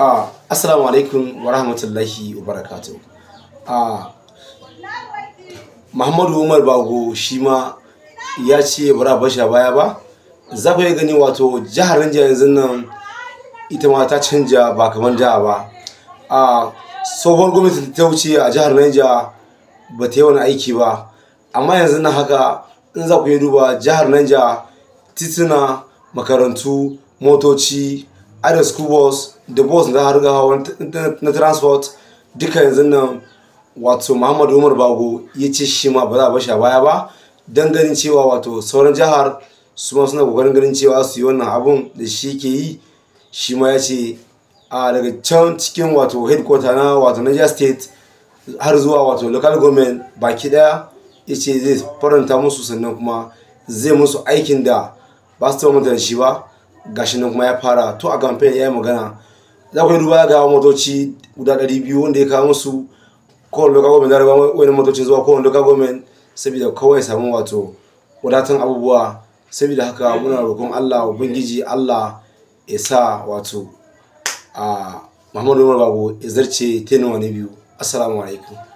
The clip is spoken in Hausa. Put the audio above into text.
Ah, assalamu alaikum wa rahmatullahi wa barakatuh ah, muhammadu umar bago shi ma ya ce bara basha baya ba za ku gani wato jihar ranja yanzu nan ita ma ta canja ba kamar da ba a ah, tsohon gwamnati ta wuce a jihar Niger ba ta yi wani aiki ba amma yanzu nan haka in za ku yi duba jihar Niger tituna makarantu motoci ada school bus da bus na har gawa na transport duka yanzu nan wato muhammadu umar bago ya ce shi ma ba za a bashi baya ba don ganin cewa wato sauran jihar su ma suna kokarin ganin cewa su yi wannan abun da shi ke yi shi ma ya ce a daga can cikin wato headquarter na wato niger state har zuwa wato local government baki daya ya ce zai faranta musu sannan kuma zai musu aikin da ba su taɓa shi ba gashi nan kuma ya fara to a campaign ya yi magana za ku yi duba ga motoci guda 200 wanda ya kawo musu kowane local government zaraba wani motocin zuwa kowane local government saboda kawai samun wato wadatan abubuwa saboda haka muna roƙon Allah ubangiji Allah ya sa wato a ah, Muhammadu Umar Babu ya zarce tenuwa ne biyu assalamu alaikum